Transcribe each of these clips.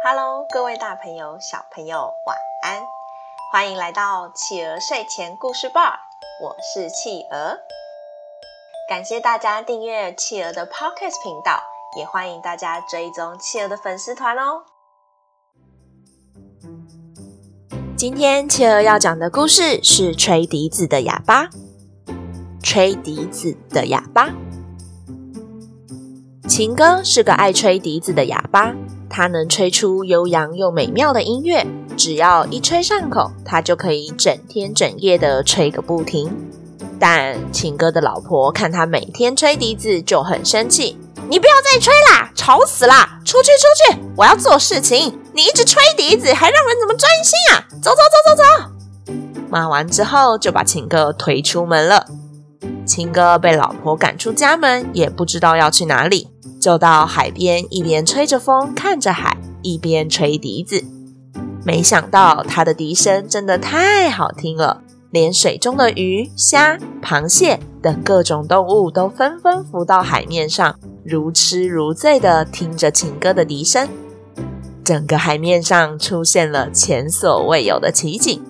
Hello，各位大朋友、小朋友，晚安！歡迎來到企鵝睡前故事吧，我是企鵝。感謝大家訂閱企鵝的 Podcast 頻道，也歡迎大家追蹤企鵝的粉絲團哦。今天企鵝要講的故事是《吹笛子的啞巴》。吹笛子的啞巴，情哥是個愛吹笛子的啞巴。他能吹出悠揚又美妙的音樂，只要一吹上口，他就可以整天整夜的吹個不停。但情哥的老婆看他每天吹笛子就很生氣：“你不要再吹啦，吵死啦，出去，出去！我要做事情，你一直吹笛子還讓人怎麼專心啊？走,走，走,走，走，走，走！”罵完之後就把情哥推出門了。情哥被老婆趕出家門，也不知道要去哪裡。就到海邊，一邊吹着風，看着海，一邊吹笛子。沒想到他的笛聲真的太好聽了，連水中的魚、蝦、螃蟹等各種動物都紛紛浮到海面上，如痴如醉的聽着情歌的笛聲。整個海面上出現了前所未有的奇景。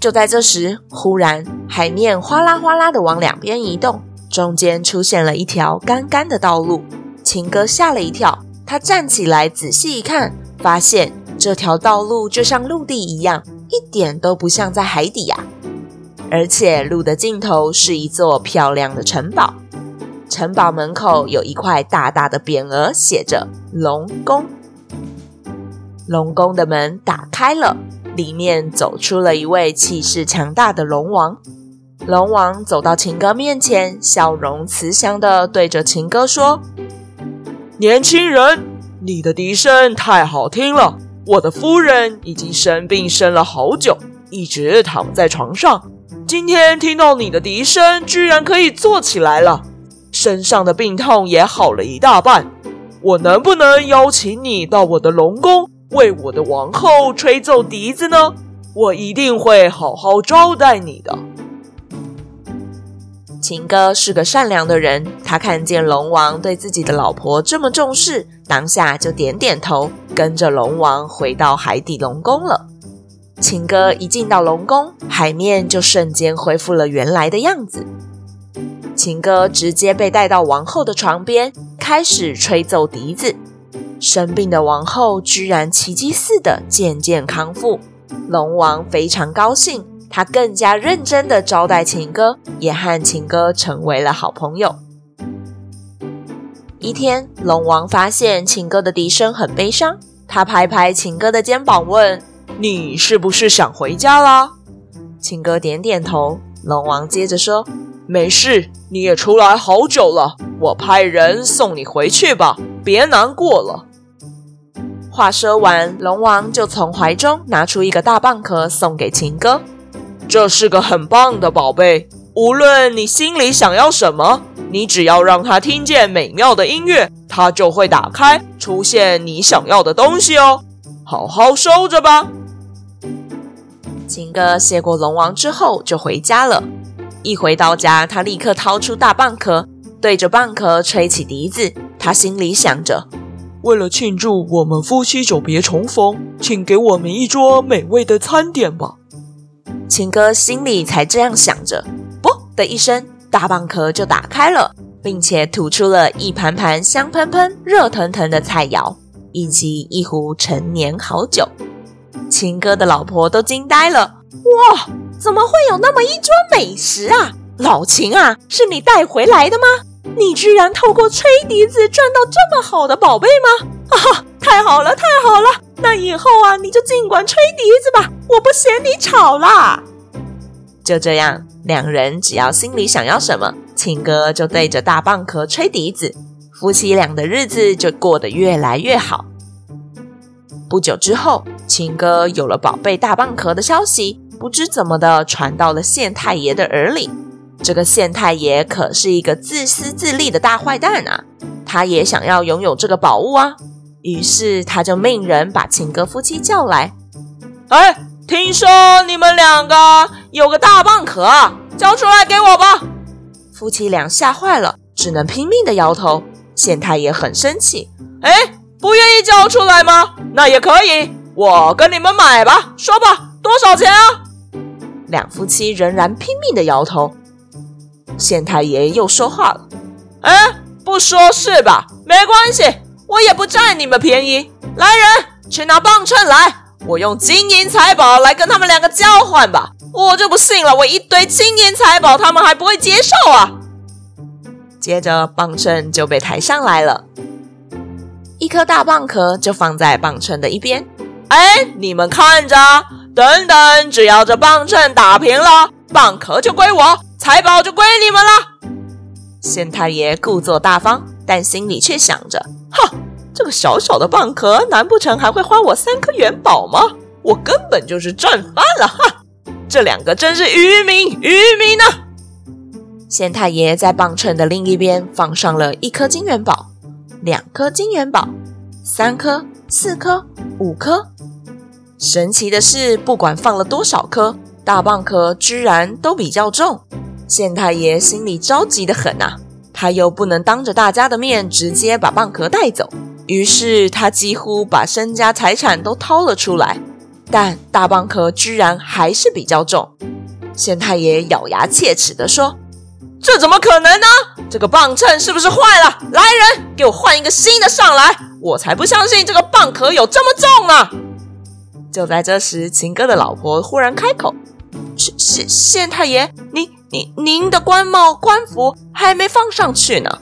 就在這時，忽然海面嘩啦嘩啦的往兩邊移動，中間出現了一條乾乾的道路。情哥嚇了一跳，他站起來仔細一看，發現這條道路就像陸地一樣，一點都不像在海底呀，啊。而且路的盡頭是一座漂亮的城堡，城堡門口有一塊大大的匾額，寫着“龍宮”。龍宮的門打開了，裡面走出了一位氣勢強大的龍王。龍王走到情哥面前，笑容慈祥地對着情哥說。年輕人，你的笛聲太好聽了。我的夫人已經生病生了好久，一直躺在床上。今天聽到你的笛聲，居然可以坐起來了，身上的病痛也好了一大半。我能不能邀請你到我的龍宮，為我的王后吹奏笛子呢？我一定會好好招待你的。秦哥是個善良的人，他看見龍王對自己的老婆這麼重視，當下就點點頭，跟着龍王回到海底龍宮了。秦哥一進到龍宮，海面就瞬間恢復了原來的樣子。秦哥直接被帶到王後的床邊，開始吹奏笛子。生病的王后居然奇跡似的漸漸康復，龍王非常高興。他更加認真的招待情歌，也和情歌成為了好朋友。一天，龍王發現情歌的笛聲很悲傷，他拍拍情歌的肩膀，問：“你是不是想回家啦？”情歌點點頭。龍王接着說：“沒事，你也出來好久了，我派人送你回去吧，別難過了。”話說完，龍王就從懷中拿出一個大蚌殼，送給情歌。這是個很棒的寶貝，無論你心裡想要什麼，你只要讓它聽見美妙的音樂，它就會打開，出現你想要的東西哦。好好收着吧。情哥謝過龍王之後就回家了，一回到家，他立刻掏出大蚌殼，對着蚌殼吹起笛子。他心裡想着：為了慶祝我們夫妻久別重逢，請給我們一桌美味的餐點吧。秦哥心裡才這樣想着，啵的一聲，大蚌殼就打開了，並且吐出了一盤盤香噴噴、熱騰騰的菜餚，以及一壺陳年好酒。秦哥的老婆都驚呆了：“哇，怎麼會有那麼一桌美食啊？老秦啊，是你帶回來的嗎？你居然透過吹笛子賺到這麼好的寶貝嗎？哈、啊、哈，太好了，太好了！”那以後啊，你就儘管吹笛子吧，我不嫌你吵啦。就這樣，兩人只要心裡想要什麼，青哥就對着大蚌殼吹笛子，夫妻倆的日子就過得越來越好。不久之後，青哥有了寶貝大蚌殼的消息，不知怎麼的傳到了縣太爺的耳裡。這個縣太爺可是一個自私自利的大壞蛋啊，他也想要擁有這個寶物啊。於是他就命人把秦哥夫妻叫來。哎，聽說你們兩個有個大蚌殼啊，交出來給我吧！夫妻倆嚇壞了，只能拼命地搖頭。縣太爺很生氣。哎，不願意交出來嗎？那也可以，我跟你們買吧。說吧，多少錢啊？兩夫妻仍然拼命地搖頭。縣太爺又說話了。哎，不說是吧？沒關係。我也不佔你們便宜。來人，去拿磅秤來！我用金銀財寶來跟他們兩個交換吧。我就不信了，我一堆金銀財寶，他們還不會接受啊！接着，磅秤就被抬上來了，一顆大蚌殼就放在磅秤的一邊。哎，你們看着，等等，只要這磅秤打平了，蚌殼就歸我，財寶就歸你們了。縣太爺故作大方，但心裡卻想着：哼。這個小小的蚌殼，難不成還會花我三顆元寶嗎？我根本就是賺翻了哈！這兩個真是愚民，愚民吶、啊！縣太爺在磅秤的另一邊放上了一顆金元寶，兩顆金元寶，三顆、四顆、五顆。神奇的是，不管放了多少顆，大蚌殼居然都比較重。縣太爺心裡着急得很吶、啊，他又不能當着大家的面直接把蚌殼帶走。於是他幾乎把身家財產都掏了出來，但大蚌殼居然還是比較重。縣太爺咬牙切齒地說：“這怎麼可能呢？這個磅秤是不是壞了？來人，給我換一個新的上來！我才不相信這個蚌殼有這麼重呢！”就在這時，秦哥的老婆忽然開口：“縣縣縣太爺，您您您的官帽官服還沒放上去呢。”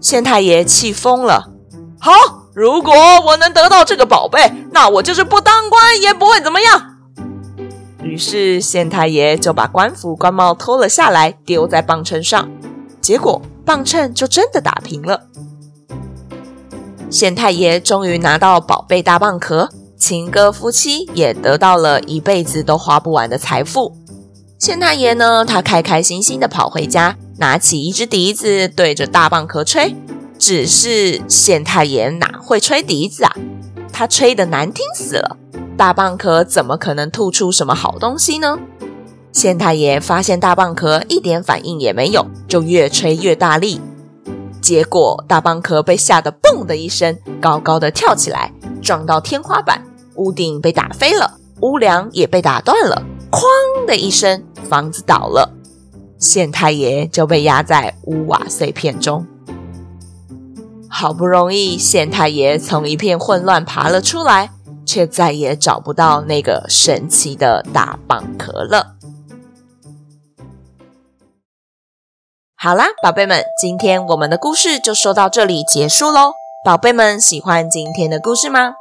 縣太爺氣瘋了。好，如果我能得到這個寶貝，那我就是不當官也不會怎麼樣。於是縣太爺就把官服、官帽脫了下來，丟在磅秤上，結果磅秤就真的打平了。縣太爺終於拿到寶貝大蚌殼，情歌夫妻也得到了一輩子都花不完的財富。縣太爺呢，他開開心心的跑回家，拿起一支笛子，對着大蚌殼吹。只是縣太爺哪會吹笛子啊？他吹得難聽死了。大蚌殼怎麼可能吐出什麼好東西呢？縣太爺發現大蚌殼一點反應也沒有，就越吹越大力。結果大蚌殼被嚇得“嘣”的一聲，高高的跳起來，撞到天花板，屋頂被打飛了，屋樑也被打斷了，“哐”的一聲，房子倒了，縣太爺就被壓在屋瓦碎片中。好不容易，縣太爺從一片混亂爬了出來，卻再也找不到那個神奇的大蚌殼了。好啦，寶貝們，今天我們的故事就說到這裡結束嘍。寶貝們，喜歡今天的故事嗎？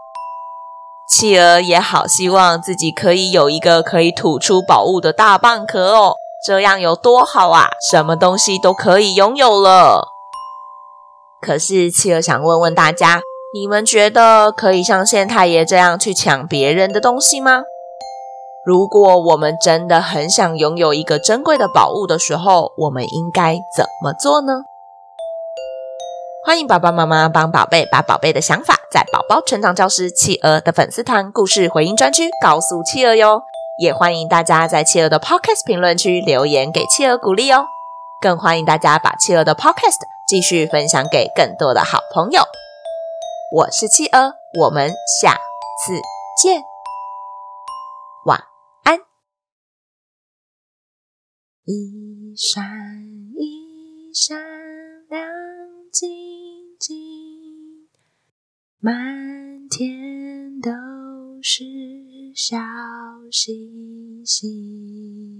企鵝也好，希望自己可以有一個可以吐出寶物的大蚌殼哦，這樣有多好啊！什麼東西都可以擁有了。可是企鵝想問問大家，你們覺得可以像縣太爺這樣去搶別人的東西嗎？如果我們真的很想擁有一個珍貴的寶物的時候，我們應該怎麼做呢？歡迎爸爸媽媽幫寶貝把寶貝的想法在寶寶成長教室企鵝的粉絲團故事回音專區告訴企鵝喲，也歡迎大家在企鵝的 Podcast 評論區留言給企鵝鼓勵哦，更歡迎大家把企鵝的 Podcast，繼續分享給更多的好朋友。我是企鵝，我們下次見。晚安。一閃一閃亮晶晶，滿天都是小星星。